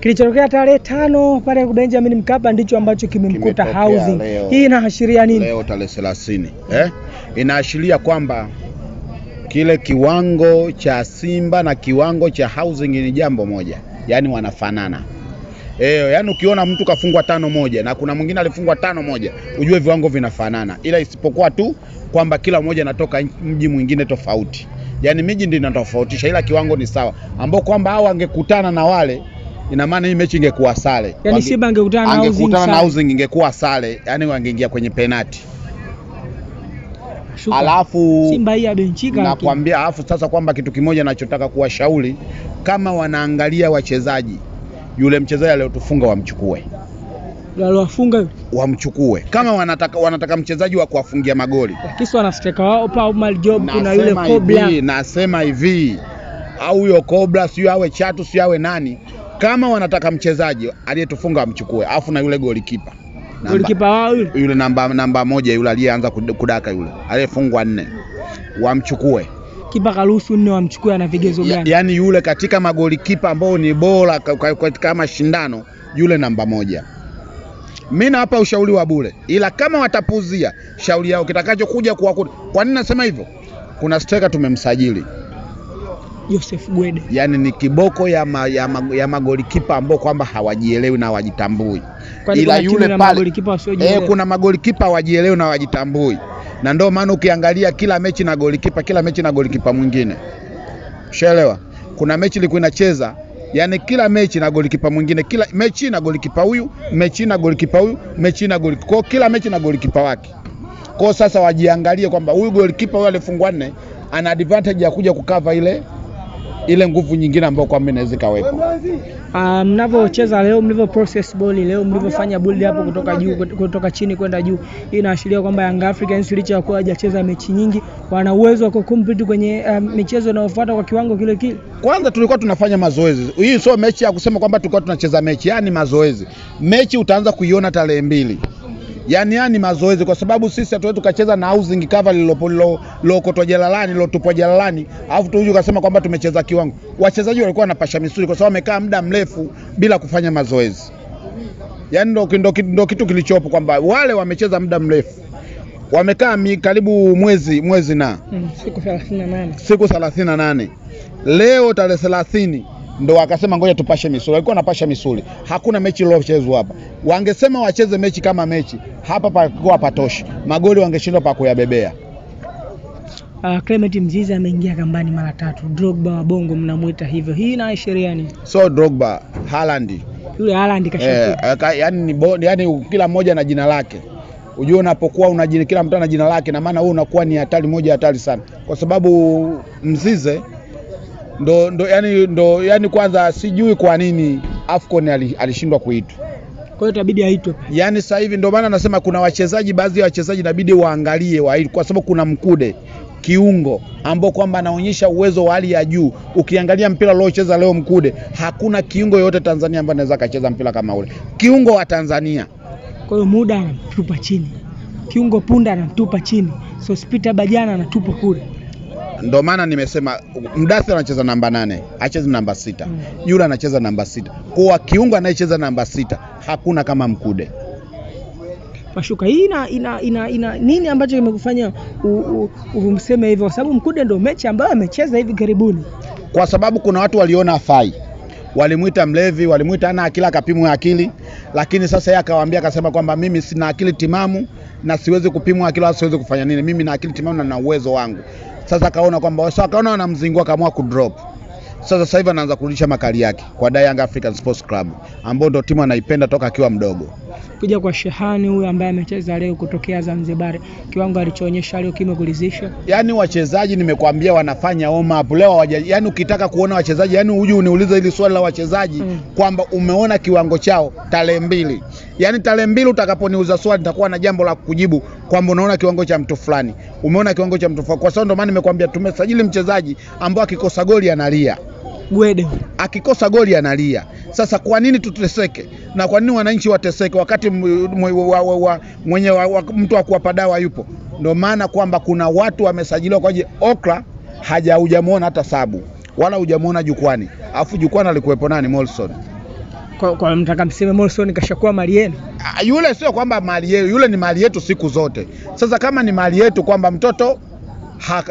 Kilichotokea tarehe tano pale Benjamin Mkapa ndicho ambacho kimemkuta housing. Hii inaashiria nini? Leo tarehe 30. Eh? Inaashiria kwamba kile kiwango cha Simba na kiwango cha housing ni jambo moja, yaani wanafanana. Eh, yaani ukiona mtu kafungwa tano moja na kuna mwingine alifungwa tano moja, ujue viwango vinafanana, ila isipokuwa tu kwamba kila mmoja anatoka mji mwingine tofauti. Yaani miji ndio inatofautisha, ila kiwango ni sawa, ambao kwamba hao angekutana na wale ina maana hii mechi ingekuwa sare, yani Simba angekutana na angekutana na Uzing ingekuwa sare, yani wangeingia kwenye penati. Alafu Simba hii abenchika, nakwambia. Alafu sasa kwamba kitu kimoja nachotaka kuwashauri, kama wanaangalia wachezaji, yule mchezaji aliyotufunga wamchukue walowafunga wamchukue, kama wanataka, wanataka mchezaji wa kuwafungia magoli. wana anasteka wao pa Omar Job, kuna yule Cobra. Nasema hivi, au huyo Kobla sio awe chatu sio awe nani, kama wanataka mchezaji aliyetufunga amchukue, afu na yule golikipa golikipa wao yule yule namba, namba moja yule aliyeanza kudaka yule aliyefungwa nne wamchukue. Kipa karuhusu nne wamchukue, ana vigezo gani? Yaani yule katika magolikipa ambao ni bora katika mashindano yule namba moja. Mi nawapa ushauri wa bure, ila kama watapuzia shauri yao kitakachokuja kuwakuta. Kwa nini nasema hivyo? Kuna striker tumemsajili Joseph Gwede. Yaani ni kiboko ya, ma, ya, ma, ya magolikipa ambao kwamba hawajielewi na hawajitambui, ila yule pale eh, kuna magolikipa hawajielewi na hawajitambui, na ndio maana ukiangalia kila mechi na golikipa, kila mechi na golikipa mwingine, ushaelewa. Kuna mechi ilikuwa inacheza yani kila mechi na golikipa mwingine, kila mechi na golikipa huyu, mechi na golikipa huyu, mechi na golikipa kwa kila mechi na golikipa wake Kwa Sasa wajiangalie kwamba huyu golikipa huyu alifungwa nne ana advantage ya kuja kukava ile ile nguvu nyingine ambayo kwamba inaweza ikawepo. Uh, mnavyocheza leo, mlivyo process ball leo, mlivyofanya build hapo kutoka juu kutoka chini kwenda juu, hii inaashiria kwamba Young Africans licha ya kuwa hajacheza mechi nyingi, wana uwezo wa kukompiti kwenye uh, michezo inayofuata kwa kiwango kile kile. Kwanza tulikuwa tunafanya mazoezi, hii sio mechi ya kusema kwamba tulikuwa tunacheza mechi, yani mazoezi. Mechi utaanza kuiona tarehe mbili yani yani mazoezi, kwa sababu sisi hatuwezi tukacheza na housing cover lililokotwa jalalani lilotupwa jalalani, alafu tuje kasema kwamba tumecheza kiwango. Wachezaji walikuwa wanapasha misuli, kwa sababu wamekaa muda mrefu bila kufanya mazoezi. Yani ndo, ndo, ndo kitu kilichopo kwamba wale wamecheza muda mrefu wamekaa karibu mwezi mwezi na hmm, siku 38 siku 38 leo tarehe 30 ndo wakasema ngoja tupashe misuli. Walikuwa wanapasha misuli, hakuna mechi iliyochezwa hapa. Wangesema wacheze mechi kama mechi, hapa pakuwa patoshi, magoli wangeshindwa pa kuyabebea. Uh, Clement Mzize ameingia kambani mara tatu. Drogba wa Bongo mnamwita hivyo, hii na sheria ni. So Drogba, Haaland yule Haaland kashakuwa eh, yani, yani kila mmoja na jina lake Unajua unapokuwa una jina, kila mtu ana jina lake, na maana wewe unakuwa ni hatari moja hatari sana, kwa sababu Mzize ndo, ndo, yani, ndo, yani kwanza sijui kwa nini Afcon alishindwa kuitwa kwa hiyo itabidi aitwe. Yaani sasa hivi ndio maana nasema kuna wachezaji, baadhi ya wachezaji inabidi waangalie wa kwa sababu kuna Mkude kiungo ambao kwamba anaonyesha uwezo wa hali ya juu. Ukiangalia mpira aliocheza leo Mkude, hakuna kiungo yoyote Tanzania ambaye anaweza akacheza mpira kama ule, kiungo wa Tanzania. Kwa hiyo muda anamtupa chini, kiungo punda anamtupa chini, Spita Bajana anatupa kule ndio maana nimesema mdathi anacheza namba nane, acheze namba sita. Jula mm. anacheza namba sita, kuwa kiungo anayecheza namba sita hakuna kama Mkude. Mashuka, hii ina, ina, ina, ina nini ambacho kimekufanya umseme hivyo? Kwa sababu Mkude ndio mechi ambayo amecheza hivi karibuni, kwa sababu kuna watu waliona afai walimwita mlevi, walimwita ana akili, akapimwa akili, lakini sasa yeye akawaambia, akasema kwamba mimi sina akili timamu na siwezi kupimwa akili, siwezi kufanya nini. Mimi na akili timamu na na uwezo wangu. Sasa akaona kwamba wasa akaona wanamzingua, akaamua kudrop. Sasa sasa hivi anaanza kurudisha makali yake kwa Yanga African Sports Club, ambao ndio timu anaipenda toka akiwa mdogo kuja kwa Shehani huyu ambaye amecheza leo kutokea Zanzibar, kiwango alichoonyesha leo kimekulizisha. Yani wachezaji nimekwambia wanafanya home up leo waja, yani ukitaka kuona wachezaji, yani huju uniuliza hili swali la wachezaji mm, kwamba umeona kiwango chao tarehe mbili, yani tarehe mbili utakaponiuza swali nitakuwa na jambo la kujibu kwamba unaona kiwango cha mtu fulani, umeona kiwango cha mtu fulani. Kwa sababu ndio maana nimekwambia tumesajili mchezaji ambao akikosa goli analia. Gwede akikosa goli analia. Sasa kwa nini tuteseke na kwa nini wananchi wateseke wakati mwenye mtu wa kuwapa dawa yupo? Ndio maana kwamba kuna watu wamesajiliwa kwa ajili Okra, haja hujamwona hata Sabu wala hujamuona jukwani, alafu jukwani alikuwepo nani? Molson kwa, kwa mtaka mseme Molson kashakuwa mali yenu. Ah, yule sio kwamba mali yenu, yule ni mali yetu siku zote. Sasa kama ni mali yetu kwamba mtoto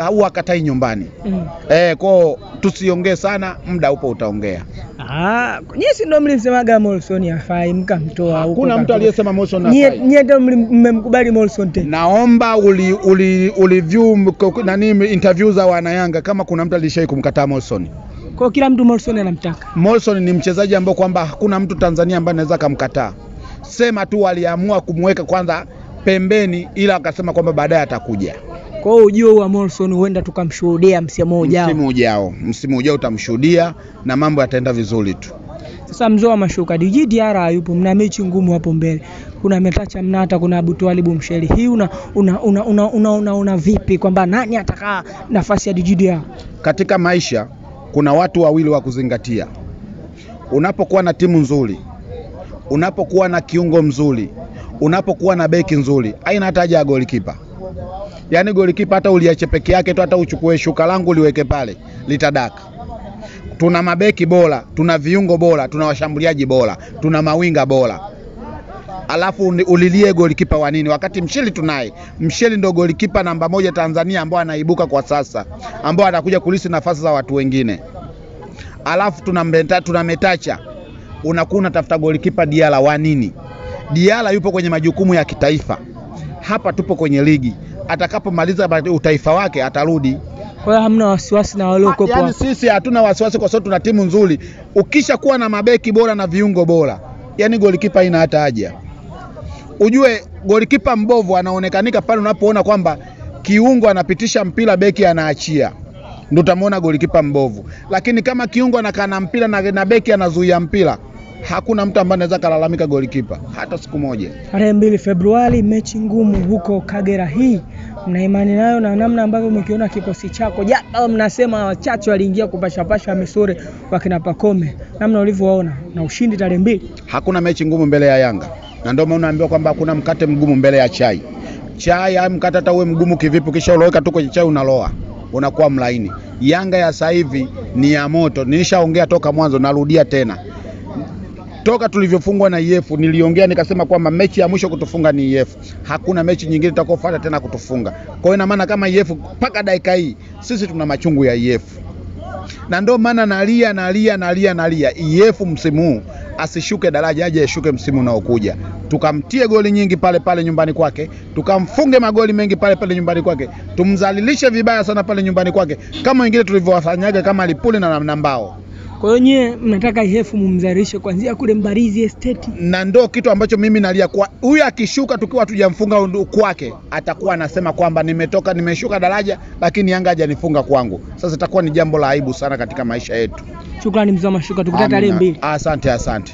huwa au nyumbani mm. Eh, kwao tusiongee sana, muda upo utaongea. Ah, nyie si ndio mlimsemaga Morrison hafai mkamtoa huko? Kuna mtu aliyesema Morrison hafai? Nyie nyie ndio mmemkubali Morrison tena. Naomba uli uli uli view nani interview za wana Yanga kama kuna mtu alishai kumkataa Morrison. Kwa kila mtu Morrison anamtaka. Morrison ni mchezaji ambao kwamba hakuna mtu Tanzania ambaye anaweza kumkataa. Sema tu waliamua kumweka kwanza pembeni, ila akasema kwamba baadaye atakuja. Kwa hiyo ujio wa Morrison huenda tukamshuhudia msimu ujao, msimu ujao, msimu ujao utamshuhudia na mambo yataenda vizuri tu. Sasa mzoa mashuka DJ Diarra hayupo, mna mechi ngumu hapo mbele. Kuna Metacha Mnata, kuna Abutwalib Msheri. Hii una una una, una, una, una, una vipi kwamba nani atakaa nafasi ya DJ Diarra? Katika maisha kuna watu wawili wa kuzingatia. Unapokuwa na timu nzuri, unapokuwa na kiungo mzuri, unapokuwa na beki nzuri, aina hata haja ya goalkeeper yani golikipa hata uliache peke yake tu, hata uchukue shuka langu uliweke pale litadaka. Tuna mabeki bora, tuna viungo bora, tuna washambuliaji bora, tuna mawinga bora alafu ulilie golikipa wa nini? Wakati Msheli tunaye. Msheli ndo golikipa namba moja Tanzania ambao anaibuka kwa sasa, ambao anakuja kulisi nafasi za watu wengine. Alafu tuna mbenta, tuna Metacha, unakuwa unatafuta golikipa Diala wa nini? Diala yupo kwenye majukumu ya kitaifa, hapa tupo kwenye ligi atakapomaliza utaifa wake atarudi. Kwa hiyo hamna wasiwasi na waliokuwepo. Yaani sisi hatuna wasiwasi kwa sababu tuna timu nzuri. Ukisha kuwa na mabeki bora na viungo bora, yaani golikipa ina hata haja. Ujue golikipa mbovu anaonekanika pale unapoona kwamba kiungo anapitisha mpira, beki anaachia Ndio utamwona golikipa mbovu. Lakini kama kiungo anakaa na mpira na, na beki anazuia mpira, hakuna mtu ambaye anaweza kalalamika golikipa hata siku moja. Tarehe mbili Februari, mechi ngumu huko Kagera. Hii mna imani nayo na namna ambavyo mkiona kikosi chako, japo mnasema wachache waliingia kupashapasha misuri wakina Pakome, namna ulivyoona na ushindi tarehe mbili, hakuna mechi ngumu mbele ya Yanga, na ndio maana unaambiwa kwamba hakuna mkate mgumu mbele ya chai. Chai au mkate hata uwe mgumu kivipi, kisha uloweka tu kwenye chai unaloa unakuwa mlaini. Yanga ya sasa hivi ni ya moto, nilishaongea toka mwanzo, narudia tena toka tulivyofungwa na EF niliongea nikasema kwamba mechi ya mwisho kutufunga ni EF, hakuna mechi nyingine itakayofuata tena kutufunga. Kwa hiyo ina maana kama EF mpaka dakika hii sisi tuna machungu ya EF, na ndio maana nalia nalia nalia nalia EF msimu huu asishuke daraja, aje ashuke msimu unaokuja, tukamtie goli nyingi pale pale nyumbani kwake, tukamfunge magoli mengi pale pale nyumbani kwake, tumzalilishe vibaya sana pale nyumbani kwake, kama wengine tulivyowafanyaga kama Lipuli na namna mbao. Kwa hiyo nyie mnataka Hefu mumzalishe kuanzia kule Mbarizi Estate, na ndo kitu ambacho mimi nalia kwa huyu. Akishuka tukiwa tujamfunga kwake, atakuwa anasema kwamba nimetoka, nimeshuka daraja, lakini Yanga hajanifunga kwangu. Sasa itakuwa ni jambo la aibu sana katika maisha yetu. Shukrani mzee Mashuka, tukutane tarehe mbili. Asante, asante.